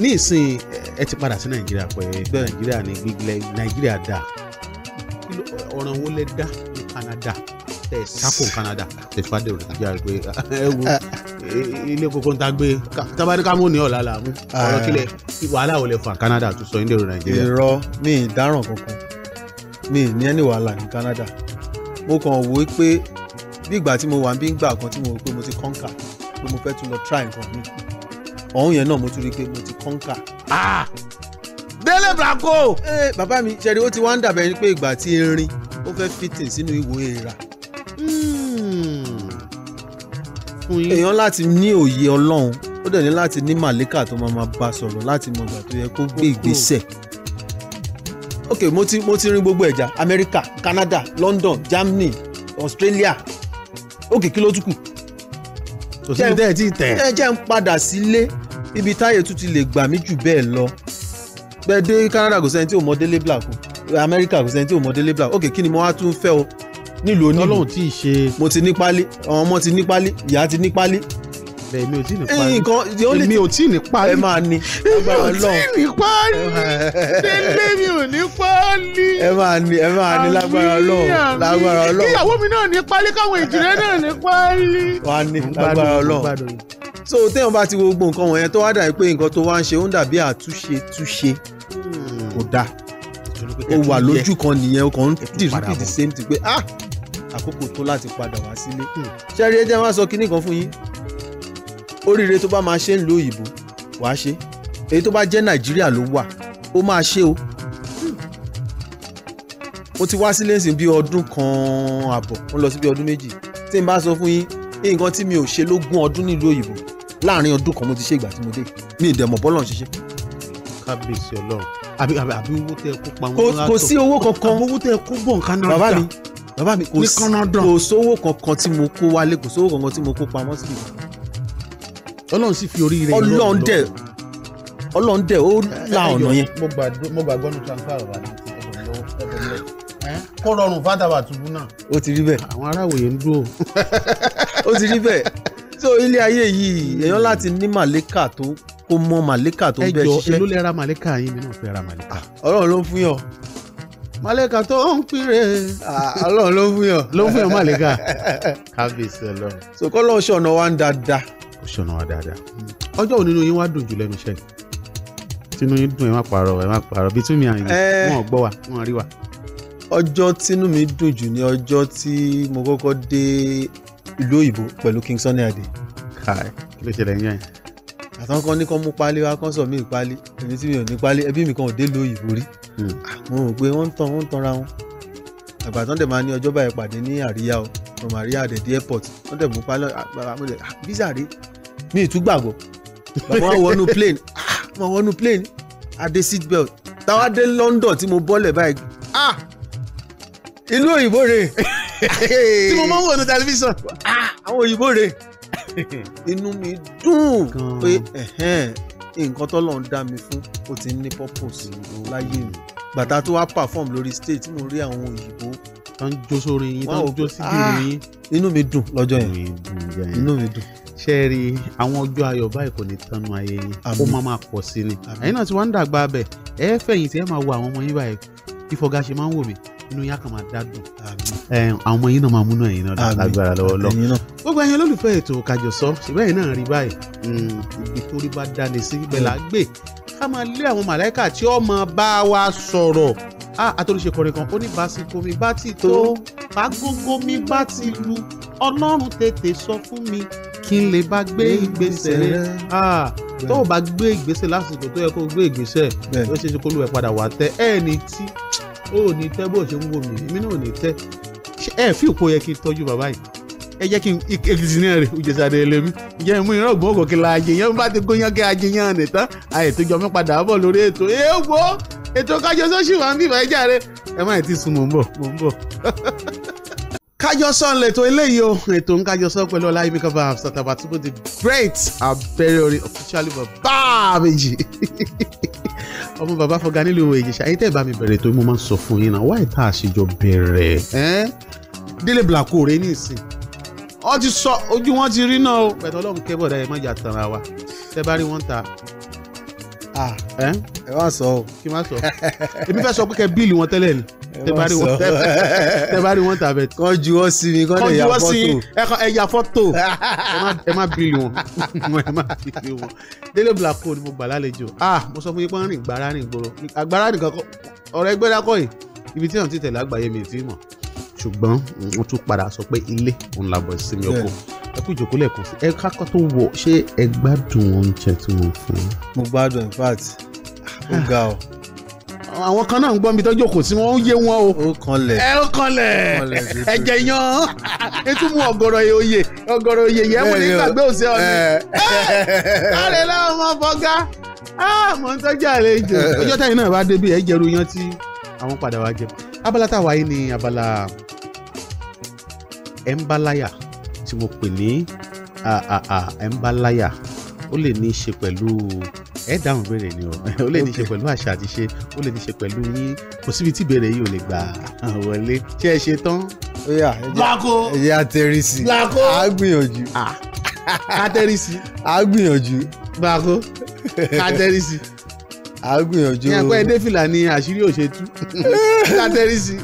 ní ìsìn ẹ ti padà sí nàìjíríà pé ẹgbẹ́ nàìjíríà ní gbígbẹ́ nàìjíríà dà ọ̀ràn wo lẹ dá ní Canada tẹ sáko Canada tẹ fàdé òrùka bí pé ẹ wo ilé koko ń ta gbé tabarikamu ní ọ̀la làmú ọ̀rọ̀ kílẹ̀ wàhálà ò lè fa Canada tó sọ ìdèrò nàìjíríà. irọ́ mi ì dáràn kankan mi ì ní ẹni wàhálà ní Canada mo kàn wò ó pé bí ìgbà tí mo wà ń bí ń gbà kan tí mo rò pé mo ti kọ́ńkà pé mo fẹ́ tún lọ try nǹkan mi ọ̀hún yẹn náà mo tún rí i pé mo ti kọ́ńkà. Ah! délé brako. ẹ eh, bàbá mi ṣe rí ó ti wá ń dàbẹ̀ ni pé ìgbà tí erin ó fẹ́ fitting sínú ìwò èèrà. Hmm. èèyàn láti ní òye ọlọ́run ó dẹ̀ ní láti ní màlíkà tó máa máa bá sọ̀rọ̀ láti mọ ìgbà tó yẹ kó gbé ìgbésẹ̀ ok mo ti mo ti rin gbogbo ẹja Amẹ́ríkà Canada London Germany Australia ok kí ló tún kù. kò sí ní tẹ́ ẹ tí ì tẹ̀. ẹ jẹ́ ń padà sílé ibi táyé tún ti lè gbà mí jù bẹ́ẹ̀ lọ bẹ́ẹ̀ dé Canada kò sẹ́ni tí ò mọ Délé Black o America kò sẹ́ni tí ò mọ Délé Black ok kí ni mo wá tún fẹ́ o nílùú onílù Ọlọ́run tí ì ṣe mo ti ní pálí àwọn ọmọ ti ní pálí ìyá ti ní pálí bẹ́ẹ̀ mi ò tí ì ní parí eh, nǹkan èmi ò tí ì ní parí ẹ máa ní èmi ò tí ì ní parí délé mi ò ní parí. ẹ máa ní ẹ máa ní lágbára Ọlọ́run lágbára Ọlọ́run. ìyàwó mi náà ní parí káwọn ìjìnlẹ̀ náà ní parí. wàá ní lágbára Ọlọ́run so téèyàn bá ti wo gbogbo nǹkan wọ̀nyẹn tó wá dà pé nǹkan tó wá ń ṣe ó ń dàbí àtúnṣe túnṣe hmm. kò dáa ó wà lójú kan nìyẹn ó kàn ń dìrìkì the same thing pé ah àkókò tó láti padà wá sílé hmm. ṣẹ́rí ẹjẹ́ máa sọ kinní kan fún yín oríire tó bá máa ṣe ń lo òyìnbó wàá ṣe èyí tó bá jẹ́ nàìjíríà ló wà ó máa ṣe o mo ti wá sílé nsìn bíi ọdún kan àbọ̀ mo lọ sí bíi ọdún méjì tí n bá sọ fún yín nǹkan tí mi ò ṣe lógún ọdún nílùú òyìnbó láàrin ọdún kan mo ti ṣe ìgbà tí mo dé mi ìdẹ̀mọ̀ bọ́lọ̀ ń ṣiṣẹ́. kábíyèsí ọlọ́run àbí àbí owó tẹ kó pa wọn. kò sí owó kankan owó tẹ kó bọ̀ nǹkan náà dà bàbá mi bàbá mi kò sówó kankan tí mo kó wálé kò sówó kankan tí mo kó pamọ́ sí i. ọlọ́run sì fi oríire ìlú ọlọ́run dẹ̀ ọlọ́run dẹ̀ ó la ọ̀nà yẹn. mo gbàgbọ́ ní transfer ọ̀bà kó rọrùn fátàbà tuntun náà. ó ti rí bẹ́ẹ̀. àwọn aráwòye ń dúró. ó ti rí bẹ́ẹ̀ tó ilé ayé yìí èèyàn láti ní màlẹ́kà tó kó mọ màlẹ́kà tó ń bẹ ṣiṣẹ́. ẹ jọ èló lẹ ra màlẹ́kà yín mi náà fẹ́ ra màlẹ́kà. Ah, ọlọ́run ló ń fún yàn màlẹ́kà tó ń pèrè ah, ọlọ́run ló ń fún yàn. ló ń fún yàn màlẹ́kà kábíyèsí ọlọ́run. sọkọ́ lọ́n ṣọ̀nà wa ń dáadáa. ó ṣọ̀nà wa dáadáa. ọjọ́ òní inú yín wá dùn jù lẹ́nu iṣẹ́ tinú yín dùn ẹ má parọ́ ẹ má parọ́ bíi túnmí àyìn eh. wọn ò gbọ́ wa wọn ò ọjọ́ tínú mi dùn jù ni ọjọ́ tí mo kọ́kọ́ dé ìlú òyìnbó pẹ̀lú King Sunny Adé. káì kí ló ṣẹlẹ̀ yẹn. àtàwọn kan ní kán mú pálí wá kán sọ mí pálí èmi tí mi ò ní pálí ẹbí mi kan ò dé ìlú òyìnbó rí. Hmm. mo rò pé wọ́n ń tan wọ́n ń tanra wọn. àgbàtàn dẹ̀ máa ní ọjọ́ báyìí pàdé ní àríyá o from àríyá àdè dé airport wọ́n dẹ̀ mú pálí àgbàmọ́lẹ̀ ah, ah, visa rí mi ì tún gbàgbọ́ bàbá wọn wọnú plane wọn ah, wọnú plane adé seat belt táwa dé London tí mo bọ́lẹ̀ báyìí ah ìlú òyìnbó rèé tí mo máa ń wò ní tẹlifíṣàn ah, àwọn òyìnbó rè inú mi dùn pé nǹkan tọ́lọ́run dá mi fún ó ti ní purpose láyé mi gbàtà tó wá perform lórí stage tí mo rí àwọn òyìnbó tán jó sórí yín tán jó sí bèrè ah! yín. inú mi dùn lọ́jọ́ yẹn inú mi dùn. ṣe é rí àwọn ọjọ́ ayọ̀ báyìí kò ní tanu ayé yín ó máa máa pọ̀ sí ni ẹ̀yin náà ti wá ń dàgbà bẹ̀ ẹ fẹ̀yìntì ẹ máa wo àwọn ọmọ yín báyìí ìfọ̀gàṣe máa ń wò mí inú yá kan máa dádùn àwọn ọmọ yìí náà máa múnú ẹ̀yin náà lágbára lọ́wọ́ lọ. gbogbo ẹ̀yin olólùfẹ́ ètò Kájọsọ ṣùgbọ́n ẹ̀yin náà rí báyìí hmm, ibi tó rí bá dáni sí ibẹ̀ gbé ká máa lé àwọn màláìkà tí ó máa bá wa sọ̀rọ̀ àtòlùṣe kọrin kan ó ní básìkò mi bá ti tó bágógó mi bá ti lu ọlọ́run tètè sọ fún mi kí n lè bá gbé ìgbésẹ̀ rẹ tó o bá gbé ìgbésẹ̀ lásìkò tó yẹ kó o gbé ìgbésẹ̀ ó ṣe é ṣe kó lù ẹ padà wà tẹ ẹ ní tí ó ò ní tẹ́ bó ṣe ń wò mí èmi náà ò ní tẹ́ ẹ fi òpó yẹ kí n tọ́jú bàbá yìí ẹ jẹ́ kí n ekisi náà rè ojúṣe adé lèmi jẹ́ mú irọ́ ògbọ́n ògùn kí la jẹ yẹn bá ti gbóyán kí a jẹ yẹn nìtàn àìtó jọ mi padà bọ̀ lórí ètò èèwọ̀ ètò Kájọsọ́ ṣì wà ń bíbá ẹja rẹ ẹ má ti sùn mò ń bọ̀ mò ń bọ̀. kájọsọ lẹ́tọ̀ eléyìí o ètò ń kájọsọ pẹ̀lú ọláyẹmí kan bá Àtàbàtúbú the great abẹ́rẹ́ orin officially bàbá méjì ọmọ bàbá fọgá nílùú Ìjẹ̀ṣà ayé tẹ́ ẹ̀ bá mi bẹ̀rẹ̀ tó mo máa ń sọ fún yín náà wáyé tá a ṣe jọ bẹ̀rẹ̀ ẹ́ délé blako rẹ ní ìsìn wọ́n ti sọ ojú wọn ti rí náà o pẹ̀tọ́ ọlọ́run kẹ́bọ̀dá ẹ̀ má jà tanra wa tẹ́ bá rí wọn ta Ah, ẹ wá sọ o kí n má sọ èmi fẹ́ sọ pé kẹ bíìlì wọn tẹ́lẹ̀ ni tẹ bá rí wọn tẹ bá rí wọn tàbẹ. kàn juwọ́ sí mi kàn lè ya fọ́tò ẹ ya fọ́tò ẹ má bíìlì wọn ẹ má bíìlì wọn délé blako ni mo gbà lálejò ah mo sọ fún yín pé ń rìn gbàrà rìn gbòòrò àgbàrà nìkan ọ̀rọ̀ ẹgbẹ́ dákọ̀ yìí ibi tí wọn ti tẹ̀lé àgbáyé mi ì tí mọ̀ ṣùgbọ́n mo tún padà sọ pé ilé òun làbọ̀ ìsinmi ọkọ̀ ẹ kú ìjókòó lẹ́ẹ̀kan sí ẹ ká tó wọ̀ ṣé ẹ gbádùn oúnjẹ tí wọ́n fún un. mo gbádùn in fact ó ah. ga ọ. àwọn kan náà ń gbọ́ mi tó jókòó sí wọn ó yé wọn o. ó kanlẹ̀ ẹ ó kanlẹ̀ ẹ̀jẹ̀ yan etí mu ọ̀gọ̀rọ̀ oyè ọ̀gọ̀rọ̀ oyè yẹn mo ní gbàgbé òsè ọ̀nì. Ah! káre láwọn ọmọ bọ́gá ah! mọ̀ ń tọ́jú àlejò. ọjọ́ táyì náà bá débi ẹ̀ jẹ́rú yan tí àwọn padà wá jẹ. abala táwa yìí ni abala ẹ̀ ń bá láyà tí mo pè ní ẹ̀ńbáláyà ó lè ní í ṣe pẹ̀lú ẹ dáhùn béèrè ni o ó lè ní ṣe pẹ̀lú àṣà àti ṣe ó lè ní ṣe pẹ̀lú yín kò síbi tí ìbéèrè yìí ò lè gbà wọlé ṣé ẹ ṣe tán. lako ẹyẹ atẹrisi lako a gbìyànjú. atẹrisi a gbìyànjú. atẹrisi. a gbìyànjú. ní àpẹ́ edéfìlà ni àṣírí ò ṣe tú atẹrisi.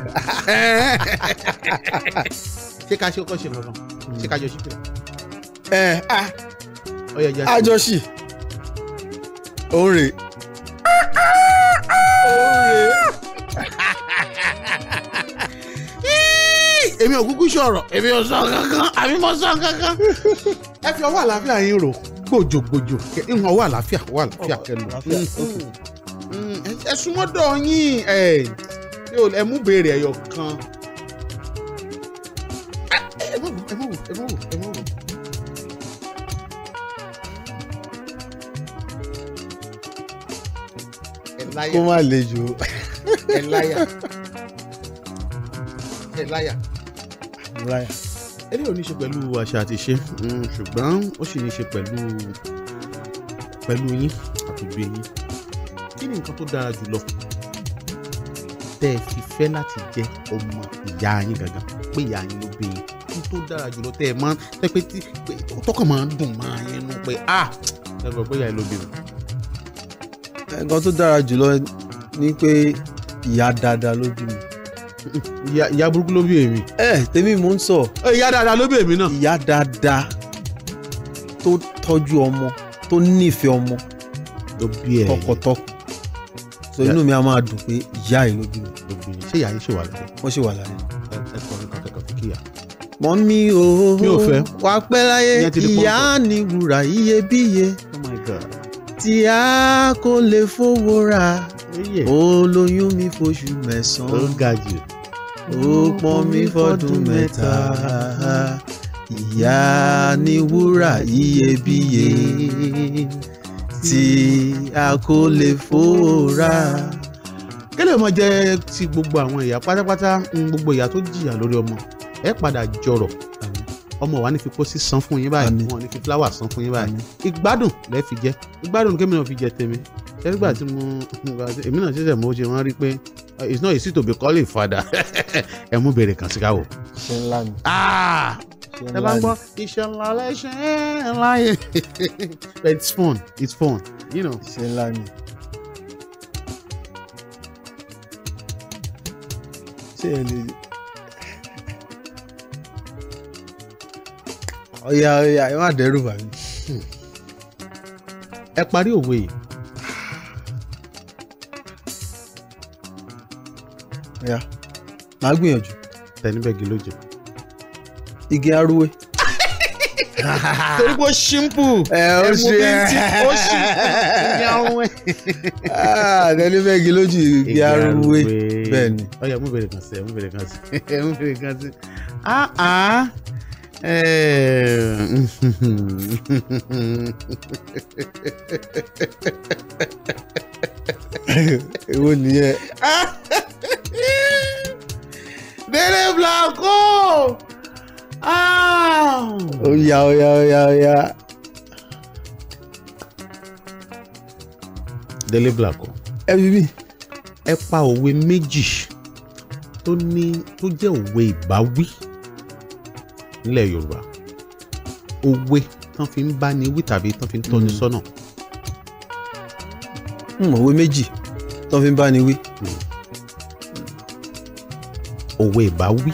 ṣé ká ṣe kọ́ ṣe lọ́nà ṣe ká jọṣì tẹ. ẹ a àjọṣì òǹrè òǹrè. èmi ò kúkú sọ̀rọ̀ èmi ò sọ kankan àmì mo sọ kankan. ẹ fi ọwọ́ àlàáfíà yín rò gbòjògbòjò ìhun ọwọ́ àlàáfíà ọwọ́ àlàáfíà kẹlò mm-hmm. mm-hmm. ẹ súnmọ́dọ̀ yín ẹ mú béèrè ẹ̀yọ̀ kan. láyà kó má le jù ú. ẹ láyà ẹ láyà. láyà. eré ò ní ṣe pẹ̀lú àṣà àti ìṣe mm. ṣùgbọ́n ó sì ní ṣe pẹ̀lú pẹ̀lú yín àtòbí yín kí ni nǹkan tó dára jùlọ tẹ́ ẹ fi fẹ́ láti jẹ́ ọmọ ìyá yín gangan pé ìyá yín ló bí yín kí tó dára jùlọ tẹ́ ẹ máa tẹ́ pé tọkàn máa ń dùn máa yẹn nú pé ah ẹ gbọ́ pé ìyá yín ló bí mi nǹkan tó dára jùlọ ni pé ìyá dáadáa ló bí mi. ìyá burúkú ló bí èmi. ẹ tèmi mò ń sọ. ìyá dáadáa ló bí èmi náà. ìyá dáadáa tó tọ́jú ọmọ tó nífẹ̀ẹ́ ọmọ tọkọtọkọ so inú mi a máa dùn pé ìyá yìí ló bí mi. ṣé ìyá yìí ṣe wà láyé. wọ́n ṣe wà láyé. ẹ kọ́ ní kọ́kẹ́kọ́ fi kíyà mọ mi ò fẹ́ pẹ́ láyé ìyá ni wúrà iyebíye tí a kò lè fowó ra olóyún mi fóṣù mẹ́sàn-án ó ga jù ó pọ́n mi fọ́dún mẹ́ta ìyá ni wúrà iyebíye tí a kò lè fowó ra kẹ́lẹ́ ọmọ jẹ́ ti gbogbo àwọn ìyá pátápátá gbogbo ìyá tó jìyà lórí ọmọ ẹ padà jọrọ̀ ọmọ wa ní fi pósí san fún yín báyìí wọn ní fi fúláwà san fún yín báyìí ìgbádùn lẹ fi jẹ ìgbádùn kémi náà fi jẹ tèmi nígbà tí mo èmi náà ṣẹ̀ṣẹ̀ mo ṣe wọ́n rí pé it's not easy to be calling father ẹ mú bèrè kàn sí ká wò. ṣé ńlá ni. Ah! ẹ bá ń gbọ́ iṣẹ́ ńlá lẹ́ṣẹ̀ ńlá yẹn but it's fun it's fun you know. ṣé ńlá ni. ṣé ẹ lè. ọ̀yà ọ̀yà ẹ má dẹ́rù bà mí hmm. ẹ parí òwe yìí. ya màá gbìyànjú. tẹni bẹ́ẹ̀gì ló jẹ. igi arúwé. torí pé ó ṣímpù. ẹ ó ṣe ẹ ó ṣímpù igi arúwé. Ah, tẹni bẹ́ẹ̀gì ló jẹ igi arúwé bẹ́ẹ̀ ni. ọyọ mú bèrè kan sí ẹ mú bèrè kan sí ẹ mú bèrè kan sí. Ah, ah. É... Èwo nìyẹn? Délé Blanco! Ah! Oya oya oya oya. Délé Blanco. Ẹ bí bí. Ẹ pa òwe méjì tó ní tó jẹ́ òwe ìbáwí nílẹ̀ yorùbá òwe tán fi ń bá ni wí tàbí tán fi ń tọ́ni hmm. sọ́nà. Hmm, òwe méjì tán fi ń bá ni wí. Hmm. òwe ìbáwí.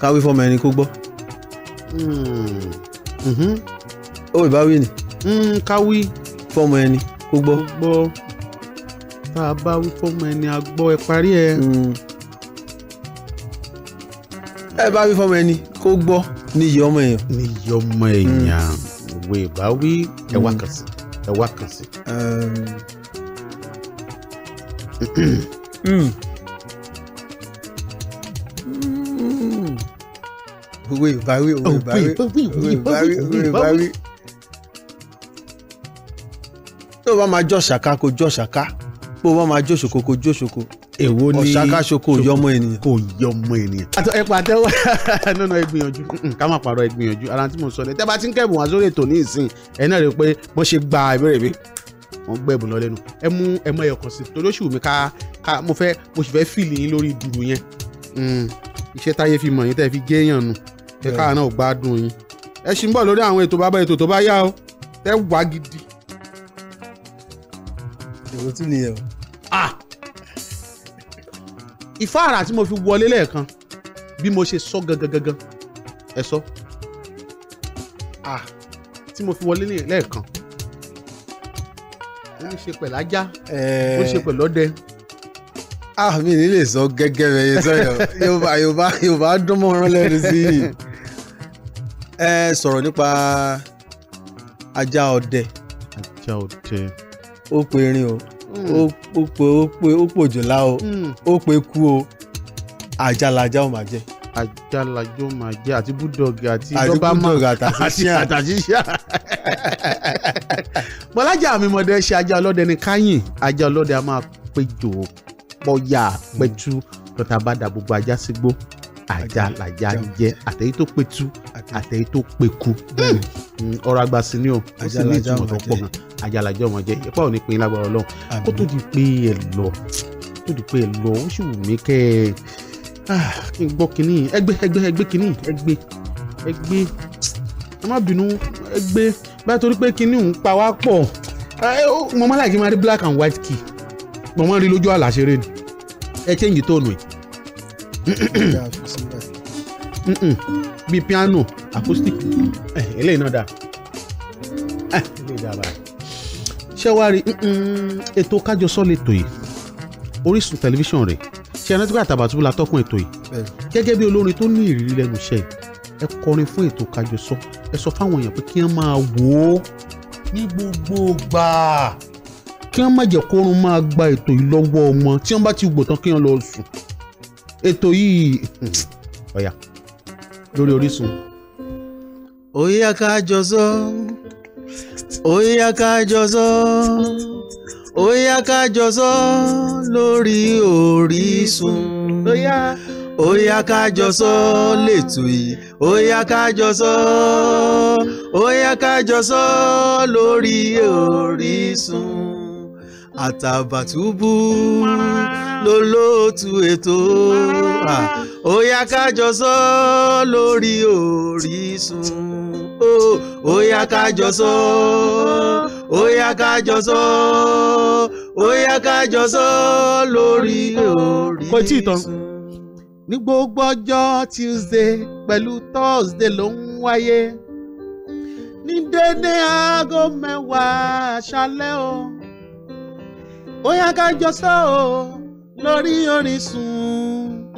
káwé fọmọ ẹni kó gbọ́. òwe ìbáwí ni. káwí. fọmọ ẹni kó gbọ́. kó gbọ́ tá a bá wí fọmọ ẹni a gbọ́ ẹ parí ẹ. Hmm. ẹ bá wí fọmọ ẹni kó gbọ́ níyì ọmọ èèyàn. níyì ọmọ èèyàn hmm. òwe ìbáwí ẹ wá kàn sí ẹ wá kàn sí. Hmm. òwe ìbáwí òwe ìbáwí òwe ìbáwí òwe ìbáwí tó o bá máa jọ ṣàká kó jọ ṣàká pé wọ́n máa jóṣokoko jóṣoko èwo ni ọ̀ṣáká ṣoko ò yọmọ ènìyàn. kò yọmọ ènìyàn. àtọ ẹ pàtẹ́wọ́ nínú ìgbìyànjú ká má parọ́ ìgbìyànjú ara tí mo sọ ni tẹ́ bá ti ń kẹ́bùn wá sórí ètò ní ìsìn ẹ náà pé bó ṣe gba ìbéèrè mi wọ́n gbẹ̀bùn lọ lẹ́nu ẹ mú ẹ mọ ẹyọkàn sí torí oṣù mi ká mo fẹ́ mo sì fẹ́ fìlì yín lórí dùrù yẹn mm, iṣẹ́ táyé fi mọ̀ yín tẹ́ fi géèyàn nù ẹ káà náà gbádùn yín ẹ ṣì ń bọ̀ lórí àwọn ètò bàbá ètò tó bá yá o tẹ́ wá gidi. èrò tún nìyẹn o ìfá àrà tí mo fi wọlé lẹ́ẹ̀kan bí mo ṣe sọ gangan gangan ẹ sọ ah tí mo fi wọlé lẹ́ẹ̀kan ó ń ṣe pẹ̀lú ajá ó ń ṣe pẹ̀lú ọdẹ. ah mi ní lè sọ gẹ́gẹ́ bẹ́ẹ̀ yẹn sọ́yọ̀ yorùbá yorùbá yorùbá dún mọ́rán lẹ́nu sí i ẹ sọ̀rọ̀ nípa ajá ọdẹ. ajá ọdẹ. ó pe irin o ó pè mm. ó pè ó pè òjòlá o mm. ó pè kú o àjàlájà ò máa jẹ. àjàlájà ò máa jẹ àti búdọ̀gì àti dọ́bámà àti àtàṣíṣà. bọ́lájà mi mọ̀dẹ́ ṣe ajá ọlọ́dẹ ní káyìn ajá ọlọ́dẹ a máa péjò pọ̀yà pẹ̀tù lọ́tà bá dà gbogbo ajá sígbó àjà làjà ń jẹ àtẹ̀yí tó pẹ̀tù àtẹ̀yí tó pẹ̀kú hmm. hmm, ọ̀rọ̀ àgbà sí ni o ó sì ní ìtumọ̀ tó pọ̀ gan àjà làjà ọmọ jẹ ìyẹ́pà ò ní pín in lágbára ọlọ́run kó tó di pé ẹ lọ tó di pé ẹ lọ ó sì wù mí kẹ́ ẹ ah, kí n gbọ́ kínní ẹgbẹ́ ẹgbẹ́ ẹgbẹ́ kínní ẹgbẹ́ ẹgbẹ́ ẹ má bínú ẹgbẹ́ báyìí torí pé kínní òun pa wá pọ̀ ah, mo má láì kí n máa rí black and white key mo má rí lójú àlàṣeré ni ẹ change tóònù yìí bíi piano acoustic eh, eléyìí náà dà eh, eléyìí dà báyìí ṣé wàá rí ètò Kájọsọ lẹ́tọ̀ yìí Orísun tẹlifíṣàn rẹ̀ ṣe ẹ̀rántí pé Àtàbàtúbú la tọ́kùn ètò yìí gẹ́gẹ́ bí olórin tó ní ìrírí lẹ́nu iṣẹ́ ẹ kọrin fún ètò Kájọsọ ẹ sọ fáwọn èèyàn pé kí wọ́n máa wò ó ní gbogbo gbà kí wọ́n má jẹ́ kórun máa gba ètò yìí lọ́wọ́ wọn tí wọ́n bá ti gbò tán kí wọ́n lọ sùn ètò yìí ọ̀yà lórí Orísun. ó yá ká jọ sọ ó yá ká jọ sọ ó yá ká jọ sọ lórí Orísun. ó yá sọ lẹ́tù yìí ó yá sọ ó yá sọ lórí Orísun àtàbàtúbù lólóòtú ètò ó yá lórí Orísun ó yá kájọ sọ ó yá lórí Orísun. ní gbogbo ọjọ́ Tuesday pẹ̀lú Thursday ló ń wáyé ní dédé aago mẹ́wàá aṣálẹ́ o. Oya ká jọ sọ o lórí Orísun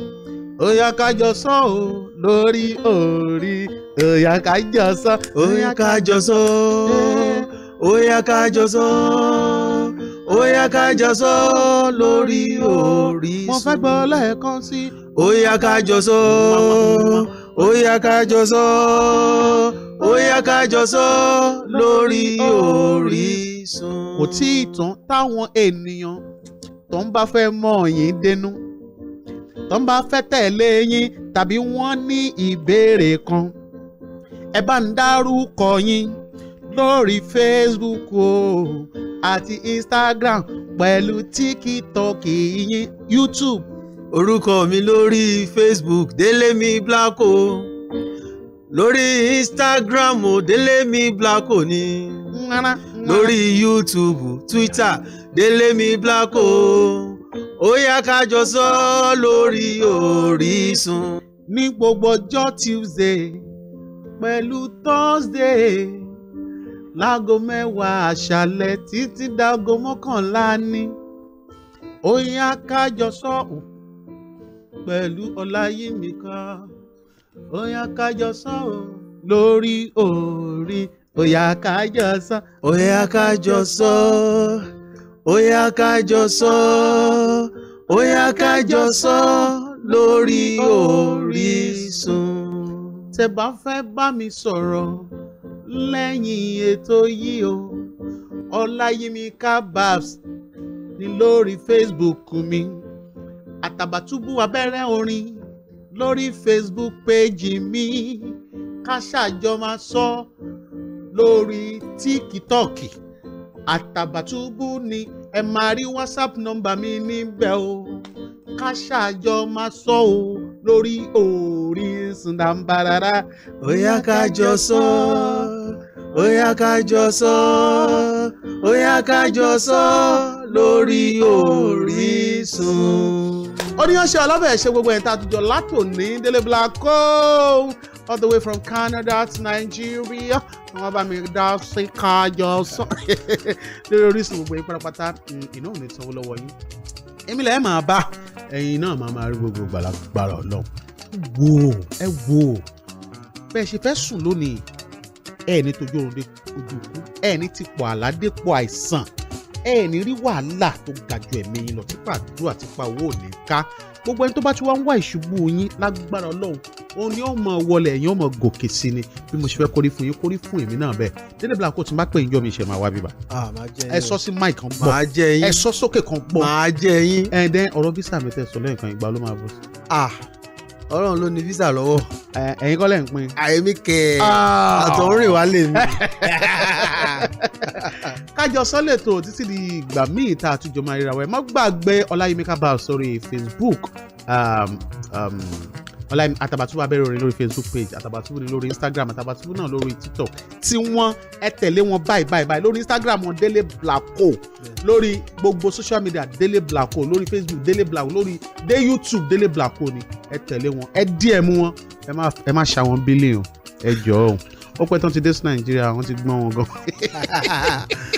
bóyá ká jọ sọ o lórí orí Oya ká jọ sọ bóyá ká jọ sọ bóyá ká jọ sọ bóyá ká jọ sọ lórí Orísun. mo fẹ́ gbọ́ lẹ́ẹ̀kan sí. bóyá ká jọ sọ. Oya yá ká jọ sọ ó yá ká jọ sọ lórí Orísun. kò tí ì tán táwọn ènìyàn tó ń bá fẹ́ mọ̀ yín dénú tó ń bá fẹ́ tẹ̀lé yín tàbí wọ́n ní ìbéèrè kan ẹ bá ń dárúkọ yín lórí Facebook o àti Instagram pẹ̀lú TikTok yín YouTube orúkọ mi lórí facebook Delemi blako. lórí instagram Delemi Blacko ni lórí youtube twitter Delemi Blacko ó yá ká jọ sọ lórí Orísun. ní gbogbo ọjọ́ tuesday pẹ̀lú thursday láago mẹ́wàá àṣálẹ́ títí dáago mọ́kànlá ni ó yá ká jọ sọ pẹ̀lú ọláyímíkà óyá kájọ sán o lórí orí óyá kájọ sán óyá kájọ sán óyá kájọ sán óyá kájọ sán lórí Orísun. tẹ́ bá fẹ́ bá mi sọ̀rọ̀ lẹ́yìn ètò yìí o ọláyímíkà babs ni lórí Facebook mi àtàbàtúbù abẹ́rẹ́ orin lórí facebook page mi ká ṣàjọ máa sọ lórí tiktok àtàbàtúbù ni ẹ máa rí whatsapp number mi níbẹ̀ o ká ṣàjọ máa sọ o lórí Orísun dàmbàràrà ó yá ká jọ sọ ó yá sọ ó yá sọ lórí Orísun oníyanṣẹ́ ọlọ́bẹ̀ ṣe gbogbo ẹ̀ta àtijọ́ látòní Délé Blanco all the way from Canada to Nigeria àwọn bá mi dá sí kájọ sọ lórí Orísun gbogbo yín pátápátá hmm, iná ò ní sanwó lọ́wọ́ yín èmi lẹ́ẹ̀ máa bá ẹ̀yin náà máa máa rí gbogbo gbàlagbàrà ọlọ́run wò ẹ wò bẹ́ẹ̀ ṣe fẹ́ sùn lónìí ẹ̀ ní tójú oorun dé ojú ikú ẹ̀ ní tipò àládépò àìsàn ẹ ẹ̀ ní rí wàhálà tó ga ju ẹ̀mí yín lọ tí pàdúrà tí pa owó ò ní ká gbogbo ẹni tó bá ti wá ń wá ìṣubú yín lágbára ọlọ́run òun ni ó mọ wọlé ẹ̀yìn ó mọ gòkè sí ni bí mo ṣe fẹ́ kórí fún yín kórí fún èmi náà bẹ́ẹ̀ délé bla kó tí n bá pè yín mi ṣe máa wá bíbá. Ah, ẹ sọ sí Mike, kan pọ̀ ẹ sọ sókè kan pọ̀ ẹ dẹ́n ọ̀rọ̀ bísà mi tẹ̀ sọ lẹ́yìn kan ìgbà ló máa bọ̀ sí. Ah ọlọ́run ló ní visa lọ́wọ́. ẹ̀yin kọ́ lẹ̀ ń pín. àyèmí kẹ ah. àtọ̀rìn wá lè mi. kájọ sọ́lẹ̀ tó títí di ìgbà míì tá a tún jọ máa ríra wẹ̀ má gbàgbé ọláyímí ká bá a sọ̀rọ̀ facebook um, um, ọláyẹmí àtàbàtúbú abẹ́rẹ́ orin lórí facebook page àtàbàtúbú ni lórí instagram àtàbàtúbú náà lórí tiktok tí wọ́n ẹ tẹ̀lé wọn báyìí báyìí báyìí lórí instagram wọn délé blako lórí gbogbo social media délé blako lórí facebook délé blako lórí dé youtube délé blako ni ẹ tẹ̀lé wọn ẹ díẹ̀ mú wọn ẹ má ẹ má ṣàwọn bílíọ̀n ẹ jọ̀ọ́ ó pẹ́ tán ti dé sí nàìjíríà wọ́n ti gbọ́n wọn gan.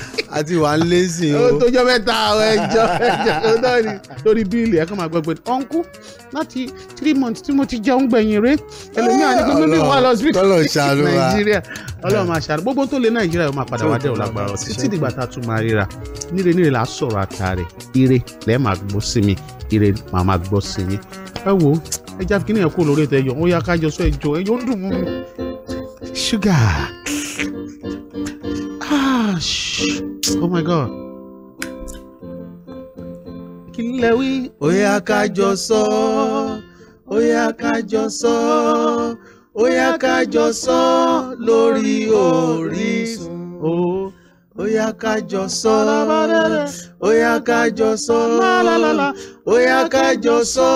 àti wà ń lé sí i o. tójọ́ mẹ́ta àwọn ẹjọ́ ẹjọ́ tó náà ni lórí bíìlì ẹ̀kọ́ máa gbọ́ pé ọ̀nkú láti three months tí mo ti jẹun gbẹ̀yìn rẹ ẹlòmíràn ní gbogbo wà lọ sí nàìjíríà ọlọ́run máa ṣàrò gbogbo tó lé nàìjíríà yóò máa padà wá dẹ̀ ọ̀làgbà ọ̀ títí dìgbà tá a tún máa ríra níre níre là á sọ̀rọ̀ àtàrẹ̀ ire lẹ́ẹ̀ máa gbọ́ sí mi ire máa máa gbọ́ sí yín ẹ wo ẹja kí ni ẹ kó lórí ẹtẹ yọ ó yá ká jọ sọ ẹjọ ẹjọ ń dùn mú mi ṣúgà oh my god. kí lẹ wí. Oya yá ká jọ sọ ó yá ká jọ sọ ó yá ká jọ sọ lórí Orísun ó yá ká jọ sọ ó yá sọ ó yá sọ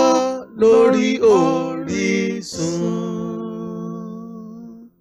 lórí Orísun.